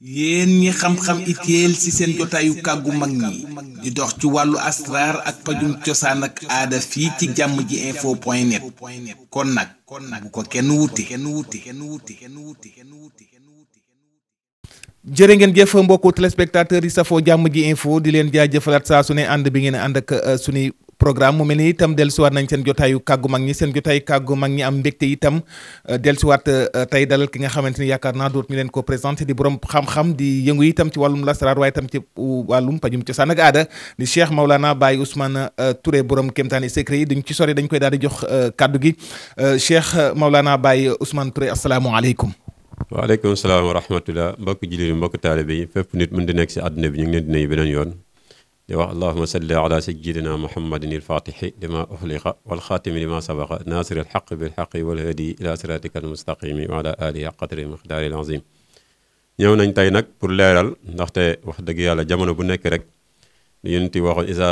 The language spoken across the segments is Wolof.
yéen ñi xam-xam itéel ci seen jotaayu kàggu mag ñi di dox ci wàllu asraar ak pajum cosaan ak aada fii ci jàmm ji info point net kon nag bu ko kenn wuti jërë ngeen jëf mbokku téléspectateurs yi safoo jàmm ji info di leen jaajëfalaat saa su ànd bi ngeen ànd ak euh, suñuy programme mu mel ni itam dellusiwaat nañ seen jotaayu kàggu mag ñi seen jotaayu kàggu mag ñi am mbégte itam euh, dellusiwaat euh, tey dalal ki nga xamante ni yaakaar naa doot ñu leen ko présenté di borom xam-xam di yëngu itam ci wàllum lasaraar waaye itam ci wàllum pajum cosaan ak aada di Cheikh Maulana Baye Ousmane euh, Touré borom kéemtaani secret yi duñ ci sori dañ koy daadi jox kàddu gi Cheikh Maulana Baye Ousmane Touré asalaamaaleykum. waaleykum salaam wa rahmatulah mbokk jullit mbokk taalibe yi fépp nit mën di nekk si bi ñu ngi beneen yoon di wax allahuma salli ala sayidina muhammadin ilfatixi lima uxliqa walxaatimi lima sabaqa nasir alxaq bilxaqi walhadi ila siratika almustaqimi wa ala alihi qadri miqdaari alazim ñëw nañ tey nag pour leeral ndaxte wax dëgg yàlla jamono bu nekk rek yunti waxoon isa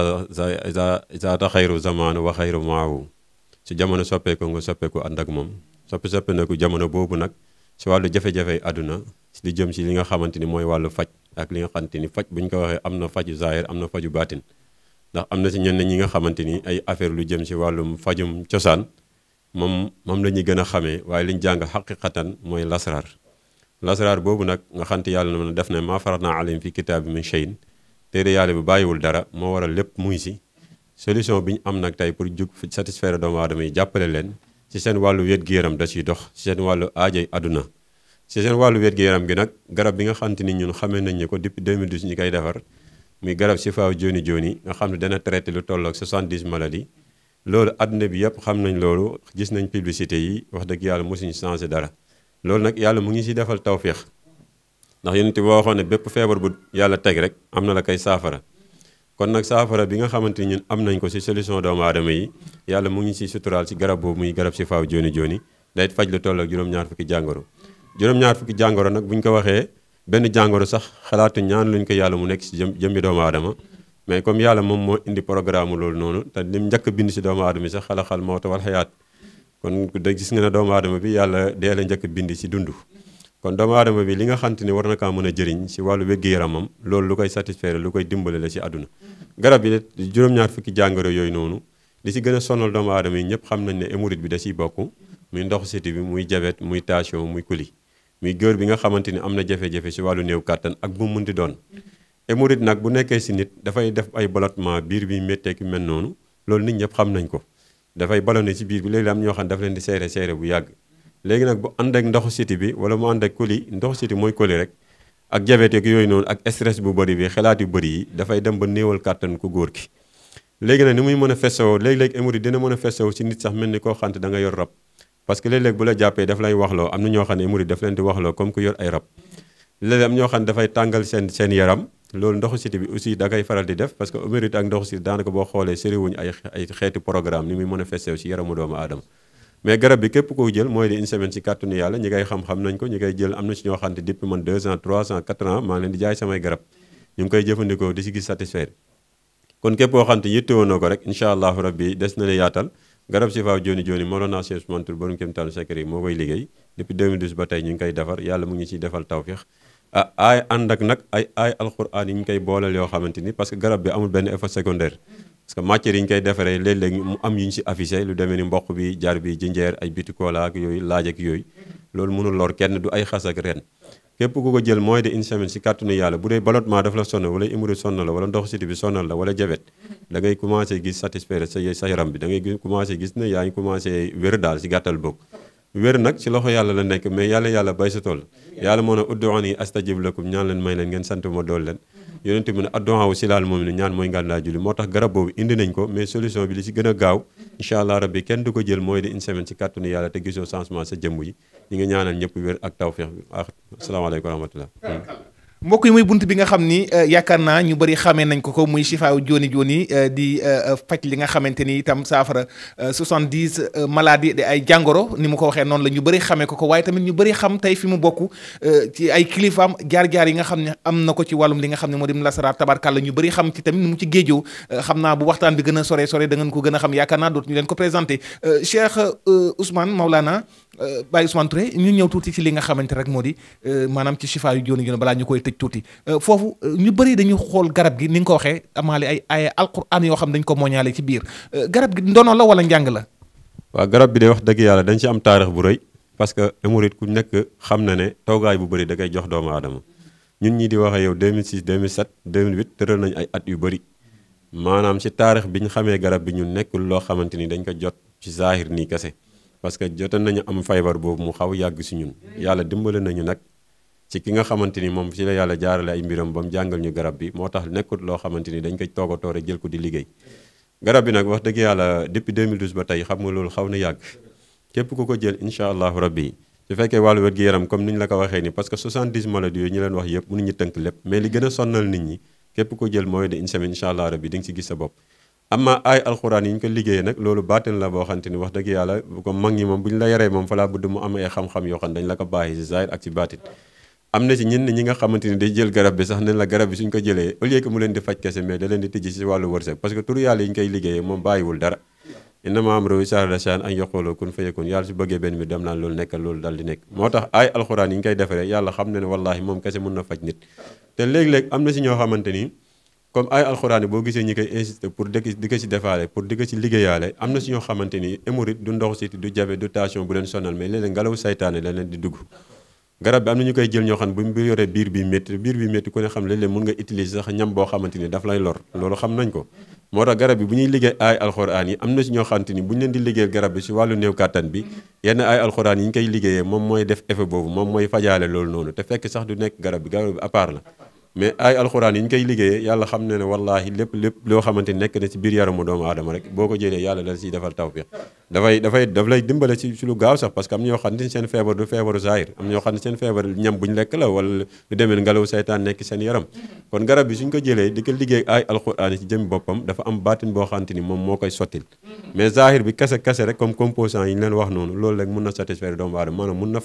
isa isa ta xayru zamaanu wa xayru maawu si jamono soppeeku nga soppeeku ànd ak moom soppi soppi na ko jamono boobu nag si wàllu jafe-jafey àdduna si li jëm si li nga xamante ni mooy wàllu faj ak li nga xamante ni faj bu ñu ko waxee am na faju zaahir am na faju baatin ndax am na si ñenn ñi nga xamante ni ay affaire lu jëm si wàllum fajum cosaan moom moom la ñuy gën a xamee waaye li ñu jàng xaqiqatan mooy lasraar lasraar boobu nag nga xamante yàlla na mën def na maa farat naa alayhim fi kitaabi min shay'in téere yàlla bi bàyyiwul dara moo waral lépp muy si solution bi ñu am nag tey pour jug satisfaire doomu aadama yi jàppale leen si seen wàllu wér-gu-yaram da ciy dox si wàllu aajay àdduna ci seen wàllu wér-gu-yaram gi nag garab bi nga xamante ni ñun xamee nañ ne ko depuis 2012 ñu koy defar muy garab si faaw joni joni nga xam ne dana traité lu toll ak 70 maladies loolu adduna bi yëpp xam nañ loolu gis nañ publicité yi wax dëgg yàlla mosuñu changé dara loolu nag yàlla mu ngi si defal tawféex ndax yonent bi waxoon ne bépp feebar bu yàlla teg rek am na la koy saafara kon nag saafara bi nga xamante ni ñun am nañ ko si solution doomu aadama yàlla mu ngi si suturaal si garab boobu muy garab si faaw joni joni day faj lu toll juróom-ñaar fukki jàngoro juróom-ñaar fukki jàngoro nag bu ko waxee benn jàngoro sax xalaatu ñaan luñ ko yàlla mu nekk si jëm jëmmi doomu aadama mais comme yàlla moom moo indi programme loolu noonu te lim bind si doomu aadama yi sax xalaxal mawta xayaat kon da gis nga ne doomu aadama bi yàlla dee la njëkk bind si dund kon doomu aadama bi li nga xamante ni war na kaa mën a jëriñ si wàllu wér-gu-yaramam loolu lu koy lu koy dimbale la si àdduna garab yi juróom-ñaar fukki jàngoro yooyu noonu li si gën a sonal doomu aadama yi ñëpp xam nañ ne hémorroïde bi da siy bokk muy ndox siti bi muy jabet muy tension muy coli muy góor bi nga xamante ni am na jafe-jafe si wàllu néew kàttan ak bu mu munti doon hémorroïde nag bu nekkee si nit dafay def ay ballonnement biir bi méttee ki mel noonu loolu nit ñëpp xam nañ ko dafay ballonné si biir bi léegi am ñoo xam ne dafa leen di seere seere bu yàgg léegi nag bu ànd ak ndoxu siti bi wala mu ànd ak coli ndoxu siti mooy coli rek ak diabète ak yooyu noonu ak stress bu bari bi xalaat yu bëri yi dafay dem ba néewal kàttan ku góor ki léegi nag ni muy mën a fesoo léeg-léeg hémorroïde dina mën a fesoo si nit sax mel ni koo xante da nga yor rab parce que léeg-léeg bu la jàppee daf lay waxloo am na ñoo xam ne murid daf leen di waxloo comme ku yor ay rab léeg-léeg am ñoo xam ne dafay tàngal seen seen yaram loolu ndoxu siti bi aussi da koy faral di def parce que émérite ak ndoxu siti daanaka boo xoolee sëriwuñ ay ay xeeti programme ni muy manifesté wu si yaramu doomu aadama mais garab bi képp koo jël mooy di une semaine si kàttanu yàlla ñi ngay xam-xam nañ ko ñi ngay jël am na si ñoo xam ne depuis man 2 ans 3 ans 4 ans maa jëfandikoo di si gis satisfaire kon képp koo te yittewoo na ko rek incha allahu rabbi des na la garab si faaw joni joni Mawlana Cheikh Ousmane Touré borom kéemtaanu secret yi moo koy liggéey depuis 2012 ba tey ñu ngi koy defar yàlla mu ngi siy defal tawféex ah ay ànd ak nag ay ay alxuraan yi ñu koy booleel yoo xamante ni parce que garab bi amul benn effet secondaire parce que matière yi ñu koy defaree léeg mu am yu ñu si affiché lu demee ni mboq bi jar bi jinjeer ay bitikoola ak yooyu laaj ak yooyu loolu mënul lor kenn du ay xas ak ren képp ku ko jël moins de une semaine si kàttanu yàlla bu dee ballottement daf la sonal wala hémorroïde sonal la wala ndox siti bi sonal la wala jabet da ngay gis satisfaire sa yaram bi da ngay gis ne yaa ngi commencé wér daal si gàttal boog wér nag si loxo yàlla la nekk mais yàlla yàlla bay sa tool yàlla moo ne ud'uuni astajib lakum ñaan leen may leen ngeen sant ma dool leen yonente mu ne addu'a wu moom ne ñaan mooy ngànnaa julli moo mais solution bi li si gën a gaaw incha allah rabbi kenn du ko jël mooy di une semaine ci kàttanu yàlla te gisoo changement sa jëmm yi ñi ngi ñaanal ñëpp wér ak tawféex bi asalaamaaleykum wa rahmatullah mbokk yi muy bunt bi nga xam ni euh, yaakaar naa ñu bëri xamee nañ ko ko muy chifaaw jooni jooni euh, di euh, faj li nga xamante ni itam saafara 70 maladies de ay jàngoro ni mu ko waxee noonu la ñu bëri xamee ko ko waaye tamit ñu bëri xam tey fi mu bokk ci ay kilifaam jaar-jaar yi nga xam ne am na ko ci wàllum li nga xam ne moo di lasaraar la ñu bëri xam ci tamit ni mu ci géejoo xam naa bu waxtaan bi gën a sore sore da ko gën a xam yaakaar naa dootuñu leen ko présenté Cheikh Ousmane Maulana Euh, Baye Ousmane Touré ñu ñëw tuuti ci li nga xamante rek moo di euh, maanaam ci chifa yu jooni jooni balaa ñu koy tëj tuuti euh, foofu ñu bëri dañu xool garab gi ni nga ko waxee amaale ay ay alquran yoo xam dañ ko mooñaale ci biir garab gi ndono la wala njàng la. garab bi de wax dëgg yàlla dañ ci am taarix bu rëy parce que émorite ku nekk xam na ne toogaay bu bëri da koy jox doomu aadama ñun ñii di wax yow 2006 2007 2008 tëral nañ ay at yu bari maanaam ci taarix bi ñu xamee garab bi ñu nekkul loo xamante ni dañ ko jot ci zaahir nii kese parce que jotoon nañu am feebar boobu mu xaw yàgg si ñun yàlla dimbale nañu nag ci ki nga xamante ni moom ci la yàlla jaarale ay mbiram ba mu jàngal ñu garab bi moo tax nekkut loo xamante ni dañ koy toog a jël ko di liggéey garab bi nag wax dëgg yàlla depuis 2012 ba tey xam nga loolu xaw na yàgg képp ku ko jël incha allahu rabbi su fekkee wàllu wér-gu-yaram comme ni ñu la ko waxee ni parce que 70 maladies yooyu ñu leen wax yëpp mënuñu si gis sa bopp amma ay alxuraan yi ñu ko liggéeyee nag loolu baatin la boo xamante ni wax yàlla ko mag ñi moom bu ñu la yaree moom falaa budd mu am ay xam-xam yoo xam dañ la ko baaxee si zahir ak si baatin am na ci ñenn ñi nga xamante ni day jël garab bi sax ne la garab bi suñ ko jëlee au lieu que mu leen di faj kese mais da leen di yàlla su bëggee benn bi dem naan loolu nekkal loolu dal nekk moo tax ay alxuraan yi ñu koy defaree yàlla xam ne ne wallaahi moom kese mun na faj nit te léeg-léeg am na si ñoo xamante ni comme ay alxuraan boo gisee ñi koy insister pour di di ko ci defaale pour di ko ci liggéeyaale am na si ñoo xamante ni hémorroïde du ndox si du jabe du tension bu leen sonal mais léeg-léeg ngelaw leen di dugg garab bi am na ñu koy jël ñoo xam ne bu bi bi métti ku ne xam léeg-léeg mun nga daf lay lor loolu xam nañ ko moo tax garab bi bu ñuy liggéey ay alxuraan ni bu ñu leen di liggéeyal garab bi si wàllu néew kàttan bi yenn ay alxuraan yi ñu koy liggéeyee moom mooy def effet boobu moom mooy fajaale loolu noonu te fekk sax du nekk garab bi garab bi à la mais ay alxuraan yi ñu koy liggéeyee yàlla xam ne ne wallaahi lépp lépp loo xamante nekk na ci biir yaramu doomu aadama rek boo ko jëlee yàlla dala ciy defal tawfiq dafay dafay daf lay dimbale ci ci lu gaaw sax parce que am ñoo xam ne seen feebar du feebaru zahir am ñoo xam ne seen feebar ñam buñ lekk la wala lu demee ngelaw saytaan nekk seen yaram kon garab bi suñ ko jëlee di ko liggéey ay alxuraan yi ci jëmi boppam dafa am baatin boo xamante ni moom moo koy sottil mais zahir bi kese kese rek comme composant yi ñu loolu rek na satisfaire doomu aadama maanaam mun na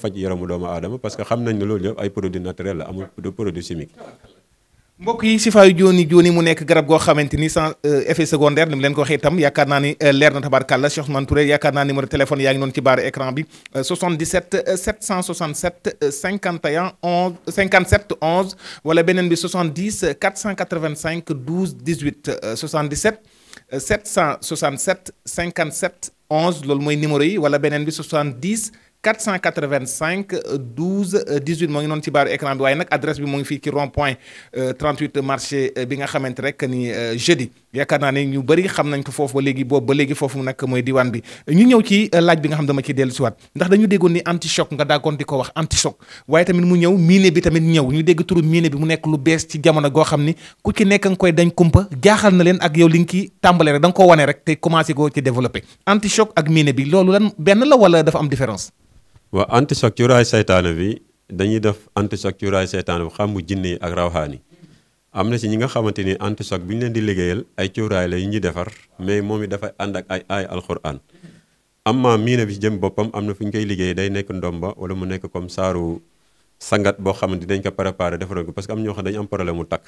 que xam nañ ne loolu yëpp mbokk yi sifaayu jooni jooni mu nekk garab goo xamante ni sans euh, effet secondaire ni mu leen ko waxee itam yaakaar naa ni euh, leer na tabaarkàlla Cheikh Ousmane Touré yaakaar naa numéro téléphone yaa ngi noonu ci barre écran bi 77 767 51 11 57 11 wala beneen bi 70 485 12 18 77 767 57 11 loolu mooy numéro yi wala beneen bi 70 485 12 18 moo ngi noonu ci baaru écran bi waaye nag adresse bi moo ngi fii ci rond point 38 euh, marché euh, bi nga xamante rek ni euh, jeudi yaakaar naa ne ñu bëri xam nañ ko foofu ba léegi boobu ba léegi foofu nag mooy diwaan bi ñu ñëw ci laaj bi nga xam dama ciy dellu siwaat ndax dañu déggoon ni anti choc nga daagoon di ko wax anti choc waaye tamit mu ñëw miné bi tamit ñëw ñu dégg turu miné bi mu nekk lu bees ci jamono goo xam ni ku ci nekk nga koy dañ kumpa jaaxal na leen ak yow li nga ki tàmbale rek da ko wane rek te commencé koo ci développé anti ak miné bi loolu lan benn la wala dafa am différence waa anti choc ci seytaane bi dañuy def anti choc ci raay seytaane bi xamu jinne yi ak rawxaan yi am na si ñi nga xamante ni anti choc bi ñu leen di liggéeyal ay cuuraay la ñuy defar mais moom it dafay ànd ak ay ay alxuraan amma miina bi si jëm boppam am na fu ñu koy liggéey day nekk ndomba wala mu nekk comme saaru sangat boo xamante dañ ko préparé defaral ko parce que am ñoo xam dañu am problème mu takk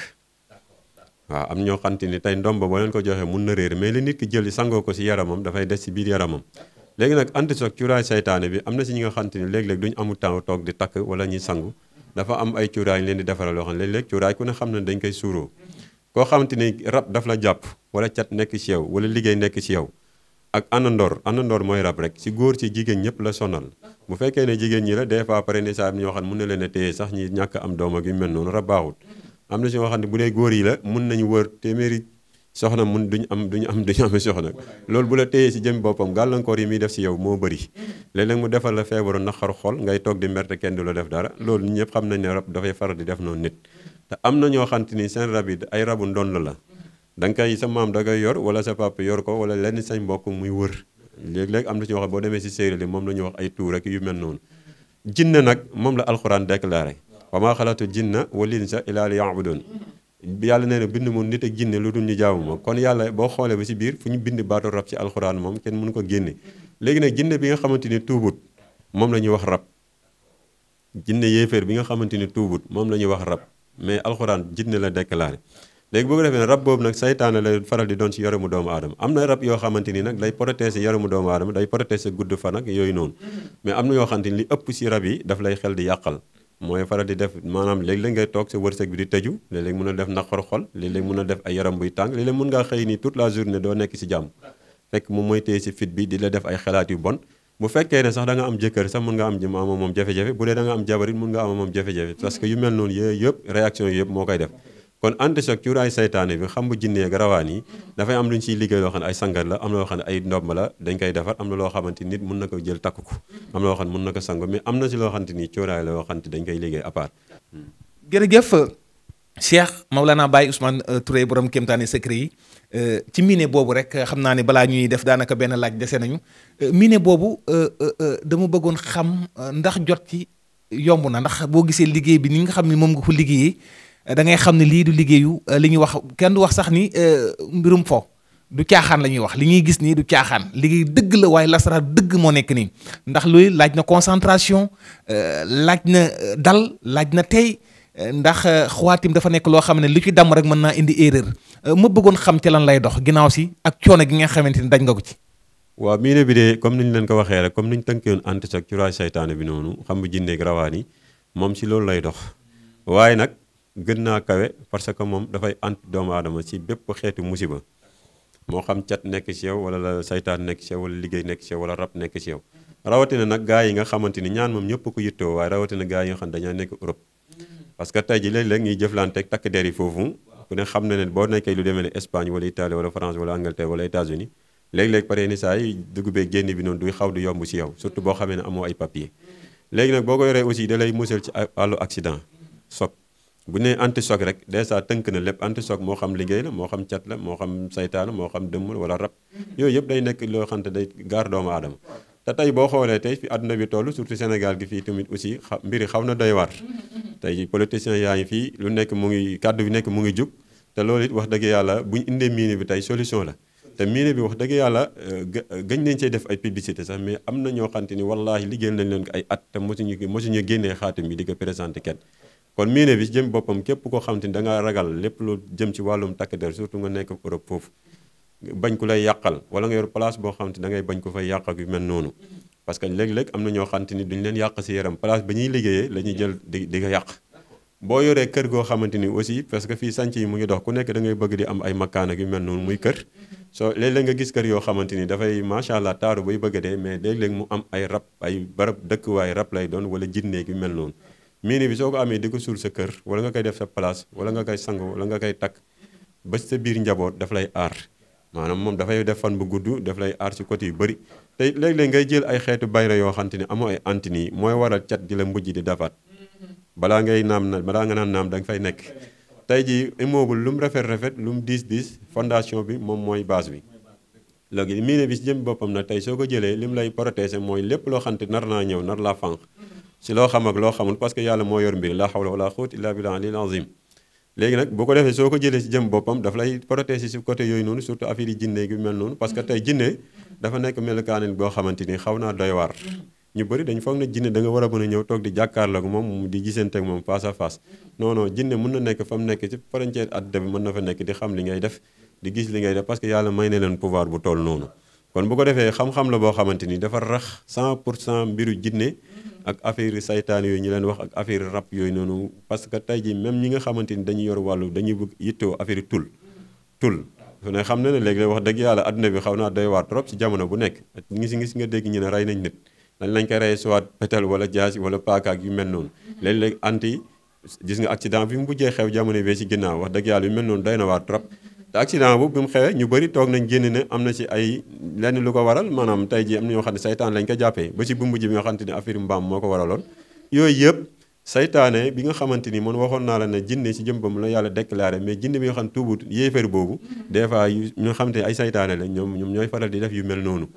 waaw am ñoo xamante ni tey ndomba boo leen ko joxee mun na réer mais li nit ki jël sangoo ko si yaramam dafay des si biir yaramam léegi nag antichoc cuuraay seytaane bi am na si ñi nga xamante ni léeg-léeg duñu amul temps toog di takk wala ñuy sangu dafa am ay cuuraay leen di defaral yoo xam ne léeg-léeg cuuraay ku ne xam ne dañ koy suuroo koo xamante ni rab daf la jàpp wala cat nekk si yow wala liggéey nekk si yow ak anandoor anandoor mooy rab rek si góor si jigéen ñëpp la sonal bu fekkee ne jigéen ñi la des fois pare ne saa ñoo xam ne mun na leen a téye sax ñi ñàkk am doom ak yu mel noonu rab baaxut am si ñoo xam ne bu dee góor yi la mun nañu wër téeméeri soxna mun duñu am duñu am duñu amee soxna loolu bu la téyee ci jëm boppam gàllankoor yi muy def ci yow moo bëri léeg mu defal la feebaru naqaru xol ngay toog di merte kenn du la def dara loolu ñëpp xam nañ ne rab dafay faral di def noonu nit te am na ñoo xamante ni seen rab yi ay rabu ndond la da nga koy sa maam da koy yor wala sa papa yor ko wala lenn sañ mbokk muy wër léegi léeg am na ci wax boo demee ci séeréer li moom la ñuy wax ay tuur ak yu mel noonu jinne nag moom la alxuraan déclaré wa maa xalaqtu jinna wal insa illa yàlla nee bind moom nit ak jinne lu dul ñu jaamu ma kon yàlla boo xoolee ba ci biir fu ñu bind baatu rab ci alxuraan moom kenn mënu ko génne léegi nag jinne bi nga xamante ni tuubut moom la ñuy wax rab jinne yéeféer bi nga xamante ni tuubut moom la ñuy wax rab mais alxuraan jinne la déclaré léegi boo ko defee rab boobu nag saytaane lay faral di doon ci yore mu doomu aadama am na rab yoo xamante ni nag day protéger yore doomu aadama day protéger gudd fan ak yooyu noonu mm-hmm. mais am na yoo xamante ni li ëpp ci rab yi daf lay xel di yàqal mooy faral di def maanaam léeg-léeg ngay toog sa wërsëg bi di tëju léeg-léeg mun a def naqar xol léeg-léeg mun a def ay yaram buy tàng léeg-léeg mun ngaa xëy nii toute la journée doo nekk si jàmm fekk moom mooy téye si fit bi di la def ay xalaat yu bon bu fekkee ne sax da am jëkkër sax mun nga am ama moom jafe-jafe bu dee da am jabarit mun nga ama moom jafe-jafe parce que yu mel noonu yooyu yëpp réaction yëpp moo koy def kon ante choc cuuraay saytaane bi xam bu jinnee ak rawaan yi dafay am lu ñu ciy liggéey loo xam ne ay sangat la am na loo xam ne ay ndomb la dañ koy defar am na loo xamante nit mun na ko jël takk ko am na loo xam ne mun na ko sango mais am na si loo xamante ni cuuraay la loo xamante dañ koy liggéey à part jërëjëf Cheikh Maulana Baye Ousmane euh, Touré borom kéemtaane secret yi euh, ci miine boobu rek euh, xam naa ni balaa ñuy def daanaka benn laaj dese nañu miine boobu dama bëggoon xam ndax jot ci yomb na ndax boo gisee liggéey bi ni nga xam ne moom nga ko liggéeyee da ngay xam ne lii du liggéeyu euh, li ñuy wax kenn du wax sax ni euh, mbirum fo du caaxaan la ñuy wax li ñuy gis nii du caaxaan liggéey dëgg la waaye lasaraar dëgg moo nekk nii ndax luy laaj na concentration euh, laaj na dal laaj na tey ndax xawaatim dafa nekk loo xam ne lu ci damm rek mën naa indi erreur mu bëggoon xam ci lan lay dox ginnaaw si ak coono gi nga xamante ni daj nga ko ci. waaw miine bi de comme ñu leen ko waxee rek comme niñ tënkee woon anti choc ci raay saytaane xam nga jinne ak rawaan moom si loolu lay dox waaye nag gën naa kawe parce que moom dafay antu doomu aadama ci bépp xeetu musiba moo xam cat nekk ci yow wala la saytaan nekk ci yow wala liggéey nekk ci yow wala rab nekk ci yow rawatina nag gaa yi nga xamante ni ñaan moom ñëpp ko yittoo waaye rawatina gaa yi nga xam dañaa nekk Europe parce que tey ji léeg-léeg ñuy jëflanteeg takk der yi foofu ku ne xam na ne boo nekkee lu demee ne Espagne wala Italie wala France wala Angleterre wala États-Unis léeg-léeg pare ni saa yi dugg bee génn bi noonu duy xaw du yomb ci yow surtout boo xamee ne amoo ay papier léegi nag boo ko yoree aussi da lay musal ci àllu accident soog bu nee antichoc rek dèjà tënk na lépp antichoc moo xam liggéey la moo xam cat la moo xam seytaan moo xam dëmm la wala rab yooyu yëpp day nekk loo xam te day gaar doomu aadama te tey boo xoolee tey fi àdduna bi toll surtout Sénégal gi fii tamit aussi mbiri xaw na doy waar tey politicien yaa ngi fii lu nekk mu ngi kàddu bi nekk mu ngi jub te lool it wax dëgg yàlla bu ñu indee miine bi tey solution la te miine bi wax dëgg yàlla euh, gëñ euh, nañ cee def ay publicité sax mais am na ñoo xamante ni wallaahi liggéeyal nañ leen ko at te mosuñu mosuñu génnee xaatim di ko présenté kenn kon miine bi jëm boppam képp koo xam te ni da nga ragal lépp lu jëm ci wàllum takk der surtout nga nekk Europe foofu bañ ku lay yàqal wala nga yor place boo xam te ngay bañ ko fay yàq ak yu mel noonu parce que léeg-léeg am na ñoo xam ni duñ leen yàq si yaram place ba ñuy liggéeyee la ñuy jël di di nga yàq boo yoree kër goo xamante ni aussi parce que fii sànc yi mu ngi dox ku nekk da ngay bëgg di am ay makkaan ak yu mel noonu muy kër soo léeg nga gis kër yoo xamante ni dafay macha allah taaru bay bëgg de mais léeg mu am ay rab ay barab dëkkwaay rab lay doon wala jinneeg yu mel noonu miine bi soo ko amee di ko suul sa kër wala nga koy def sa place wala nga koy sangu wala nga koy takk ba sa biir njaboot daf lay aar maanaam moom dafay def fan bu gudd daf lay aar si côté yu bëri tey léeg-léeg ngay jël ay xeetu bayra yoo xamante ne amoo ay antini yi mooy waral cat di la mujj di dafaat balaa ngay naam na balaa nga naan naam da fay nekk tey ji immeuble lu mu rafet rafet lu mu diis diis fondation bi moom mooy base bi léegi miine bi jëm boppam na tey soo ko jëlee li mu lay protéger mooy lépp loo xamante nar naa ñëw nar laa fànq si loo xam ak loo xamul parce que yàlla moo yor mbir laa xawla wala xuut ko defee soo ko jëlee si jëm boppam daf lay protéger si côté yooyu noonu surtout affaire yi jinne gi mel noonu parce que tey jinne ni xaw naa doy waar ñu bëri dañ foog na jinne da nga war a mën a ñëw toog di jàkkaarloog moom di gisante ak moom face à face non na nekk fa nekk bi mën na fa nekk di xam li ngay def di gis li ngay def parce que yàlla may ne leen pouvoir bu toll noonu kon bu ko defee xam-xam la boo xamante ni dafa rax 100 pour cent mbiru jinne Mm-hmm. ak affaire yi saytaan yooyu ñu leen wax ak affaire rab yooyu noonu parce que tey jii même ñi nga xamante ni dañu yor wàllu dañuy bëgg yittewoo affaire tul mm-hmm. tul su ne xam na ne léegi wax dëgg yàlla adduna bi xaw naa doy waar trop ci jamono bu nekk ngi ngis nga dégg ñu ne rey nañ nit dañ lañ ko rey soit pétal wala jaasi wala paaka yu mel noonu mm-hmm. léeg-léeg anti gis nga accident bi mu mujjee xew jamono bee si ginnaaw wax dëgg yàlla yu mel noonu doy na waar te accident bu bi mu xewee ñu bëri toog nañ génn ne am na ci ay lenn lu ko waral maanaam tey ji am na ñoo xam ne saytaan lañ ko jàppee ba ci bu mujj bi nga xamante ni affaire moo ko waraloon yooyu yëpp saytaane bi nga xamante ni man waxoon naa la ne jinne ci jëmbam la yàlla déclaré mais jinne bi nga xam tuubut yéefar boobu des fois yu ñu xamante ne ay saytaane la ñoom ñoom ñooy faral di def yu mel noonu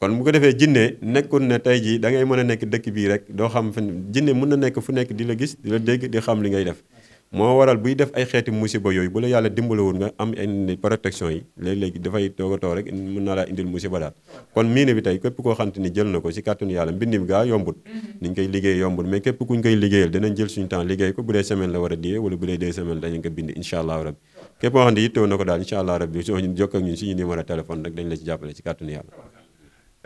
kon bu ko defee jinne nekkul ne tey jii da ngay mën a nekk dëkk bii rek doo xam fen jinne mën na nekk fu nekk di la gis di la dégg di xam li ngay def moo waral buy def ay xeeti musiba yooyu bu la yàlla dimbalawul nga am ay protection yi léeg-léegi dafay toog a toog rek mën naa laa indil musiba daal kon miine bi tey képp koo xamante ni jël na ko si kàttanu yàlla mbindim gaa yombul mm-hmm. ni ñu koy liggéey yombul mais képp kuñ koy liggéeyal dinañ jël suñu temps liggéey ko bu dee semaine la war a diyee wala bu dee deux semaines dañu ko bind incha allah rabbi képp koo xam ne yittewoo na ko daal incha allah rabbi soo jokk ak ñun suñu numéro téléphone rek dañ la ci jàppale si kàttanu yàlla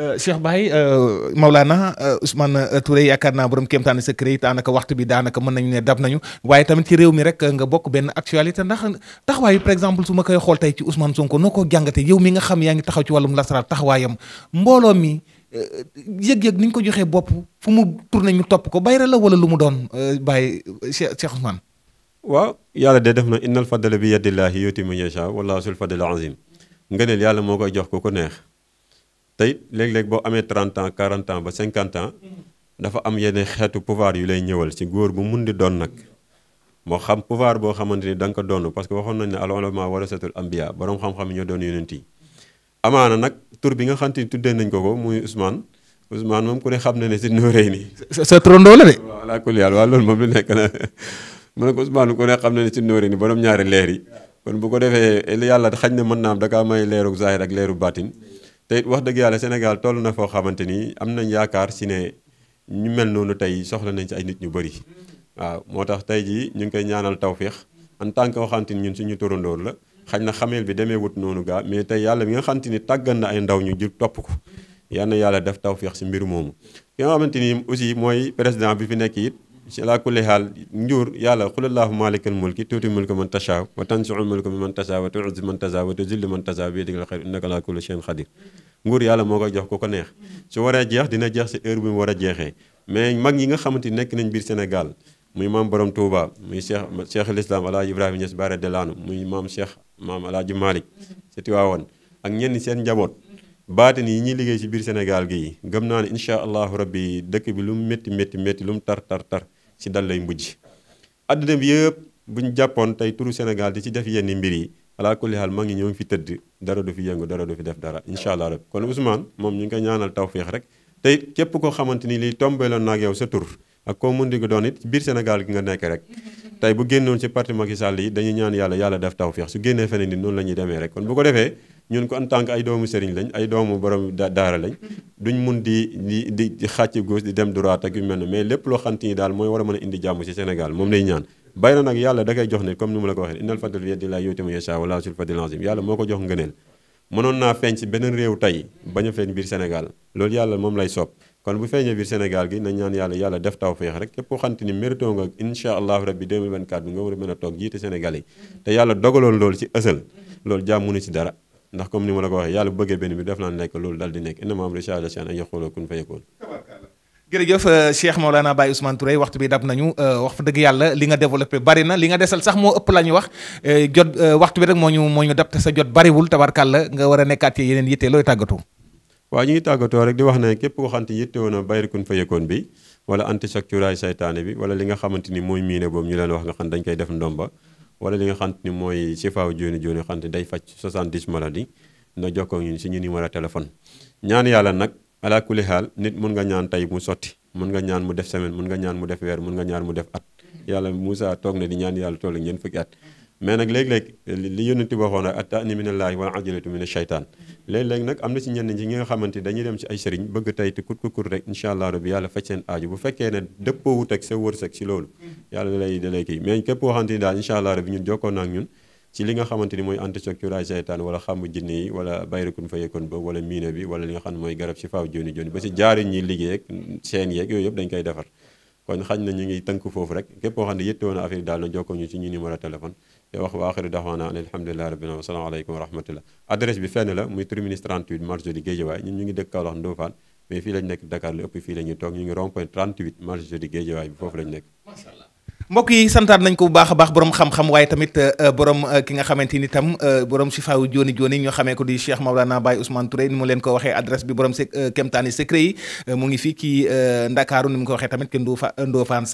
Euh, Cheikh Baye euh, Maulana euh, Ousmane Touré yaakaar naa borom kéemtaane sa crédit daanaka waxtu bi daanaka mën nañu ne dab nañu waaye tamit ci réew mi rek nga bokk benn actualité ndax taxawaayu par exemple su ma koy xool tey ci Ousmane Sonko noo ko jàngatee yow mi nga xam yaa ngi taxaw ci wàllum lasaraar taxawaayam mbooloo mi yëg-yëg ni ñu ko joxee bopp fu mu tourné ñu topp ko bayra la wala lu mu doon Baye Cheikh Cheikh Ousmane. waaw yàlla de def na innal fadla bi yadillahi yuti man yasha wallahu sul fadl azim yàlla moo koy jox ko ko neex. te it boo amee 30 ans 40 ans ba 50 ans dafa am yenn xeetu pouvoir yu lay ñëwal ci góor bu mun di doon nag moo xam pouvoir boo xamante ni da nga ko doon parce que waxoon nañ ne al ulama warasatul anbiya borom xam-xam ñoo doon yonent yi amaana nag tur bi nga xamante ni tuddee nañ ko ko muy Ousmane Ousmane moom ku ne xam ne si nooree nii. sa turandoo la de. waaw ko xam na ne si nooree nii borom ñaari leer kon bu ko defee yàlla xañ na mën naa am da kaa may leeru zahir ak leeru batin te wax dëgg yàlla Sénégal toll na foo xamante ni am nañ yaakaar si ne ñu mel noonu tey soxla nañ si ay nit ñu bëri waaw moo tax tey jii ñu ngi koy ñaanal tawféex en tant que waxante ni ñun suñu turandoor la xañ na xameel bi demee wut noonu gaa mais tey yàlla mi nga xamante ni tàggan na ay ndaw ñu jub topp ko yal yàlla def tawféex si mbir moomu ki nga xamante ni aussi mooy président bi fi nekk it la kulli haal njuur yàlla qul allahu malikal mulki tuuti mulka man tashaa wa tanzi'ul man mimman tashaa wa tu'izzu man tashaa wa tuzillu man tashaa bi yadikal xayr innaka ala kulli shay'in qadir nguur yàlla moo koy jox ko ko neex su waree jeex dina jeex si heure bi war a jeexee mais mag ñi nga xamante nekk nañ biir Sénégal muy maam borom Touba muy cheikh cheikh l'islam alaaji Ibrahima Niass Baara Delaanu muy maam cheikh maam alaaji Malick si Tiwaawoon ak ñenn seen njaboot baatin yi ñuy liggéey ci biir Sénégal gi gëm naa ne incha allahu rabbi dëkk bi lu mu métti métti métti lu mu tar tar tar ci dal lay mujj. adduna bi yëpp bu ñu jàppoon tey turu Sénégal di ci def yenn mbir yi alaa kulli xaal maa ngi ñoo ngi fi tëdd dara du fi yëngu dara du fi def dara incha allah rabbi kon Ousmane moom ñu ngi koy ñaanal tawféex rek tey képp koo xamante ni lii tombé loon na yow sa tur ak koo mun di ko doon it biir Sénégal gi nga nekk rek te bu génnoon ci parti Macky Sall yi dañuy ñaan yàlla def tawféex su génnee noonu la ñuy demee rek kon bu ko defee ñun ko en tant que ay doomu sëriñ lañ ay doomu borom daara lañ duñ mun di di di xàcc gauche di dem droite ak yu mel ne mais lépp loo xamante ni daal mooy war a mën a indi jàmm ci Sénégal moom lay ñaan bay na nag yàlla da ne comme ni mu la ko waxee innal ko jox ngëneel mënoon naa feeñ ci beneen réew tey bañ a feeñ loolu yàlla moom lay sopp kon bu feeñee biir Sénégal gi nañ ñaan yàlla yàlla def taw feex rek képp koo xamante ni mérito nga incha allahu rabbi 2024 bi a a toog jiite Sénégal yi te yàlla dogaloon loolu ci ësal loolu jàmm munu ci dara ndax comme ni ma la ko waxee yàlla bu bëggee benn bi def naa nekk loolu daal di nekk innama amruhu izaa arada shay'an an yaquula kun fayakun jërëjëf euh, Cheikh euh, wax fa dëgg yàlla li nga développé bari na li nga desal sax moo ëpp la ñu wax euh, jot bi rek moo ñu moo ñu dab te sa jot bariwul tabarkàlla nga war a nekkaat ci yeneen yitte looy tàggatoo waaw ñu ngi tàggatoo rek di wax ne képp koo xamante yitte woon a Baye kun fayakoon bi wala anti chaque cuuraay saytaane bi wala li nga xamante ni mooy miine boobu ñu leen wax nga xam dañ koy def ndomba wala li nga xam ni mooy sifaaw jooni jooni xam ne day faj 70 maladies na si ñu ni war a téléphone ñaan yàlla nag ala kulli xaal nit mun nga ñaan tey mu sotti mun nga ñaan mu def semaine mun nga ñaan mu def weer mun nga ñaan mu def at yàlla Moussa toog na di ñaan yàlla toll ngeen fukki at mais nag léeg-léeg li yonent bi waxoon ak attaani min allaahi wal ajalatu min ashaytaan léeg-léeg nag am na ci ñenn ñi nga xamante dañuy dem ci ay sëriñ bëgg tey te kut ku kut rek incha allah rabbi yàlla faj seen aaju bu fekkee ne dëppoowut ak sa wërsëg ci loolu yàlla da mais képp koo xamante ni daal incha allah rabbi ñun jokkoon ak ñun ci li nga xamante ni mooy antichoc curaay seytaan wala xambu jinne yi wala bayrikun fa yekoon ba wala miina bi wala li nga xam ne mooy garab si faaw joni joni ba si jaari ñi liggéey ak xañ na ñu ngi tënk foofu rek képp koo xam ne yëttewoon affaire yi daal ñu ci te wax wa axiru daxwaana an alhamdulilahi rabbil aalamiin wa salaamu aleykum bi fenn la muy terminus 38 marché Joli ñun ñu ngi dëkk Kaolack Ndofane mais fii lañ nekk Dakar lu ëpp fii la toog ñu ngi rond point 38 marché Joli Guédiawaye bi foofu lañ nekk mbokk yi santaat nañ ko bu baax a baax borom xam-xam waaye tamit euh, euh, borom euh, ki nga xamante ni tam borom sifaawu jooni jooni ñoo xamee ko di Cheikh Maulana Baye Ousmane Touré ni mu leen ko waxee adresse bi borom se kemtaani secret yi mu ngi fii ci Ndakaaru ni mu ko waxee tamit ke Ndoofa Ndoofaan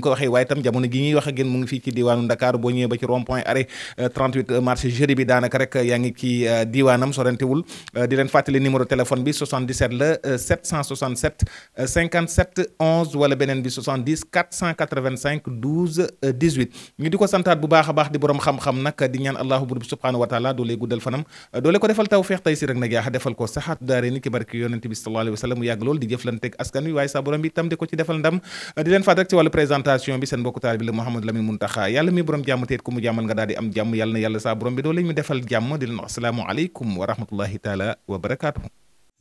ko waxee waaye tam jamono gi ñuy wax ak yéen mu ngi fii ci diiwaanu Ndakaaru boo ñëwee ba ci rond point arrêt 38 marché jeudi bi daanaka rek yaa ngi ci diiwaanam sorentewul di leen fàttali bi 77 12 euh, di ko santaat bu wa taala doole euh, askan wi waaye sa borom bi di ko ci defal ndam euh, di leen faat rek ci wàllu présentation bi seen mbokku taal la Mouhamadou Lamine Muntaxa yàlla mi borom jàmm teet ku mu jàmmal nga daal am jàmm yàlla na yàlla doole ñu defal jàmm di leen asalaamaaleykum wa rahmatullahi taala wa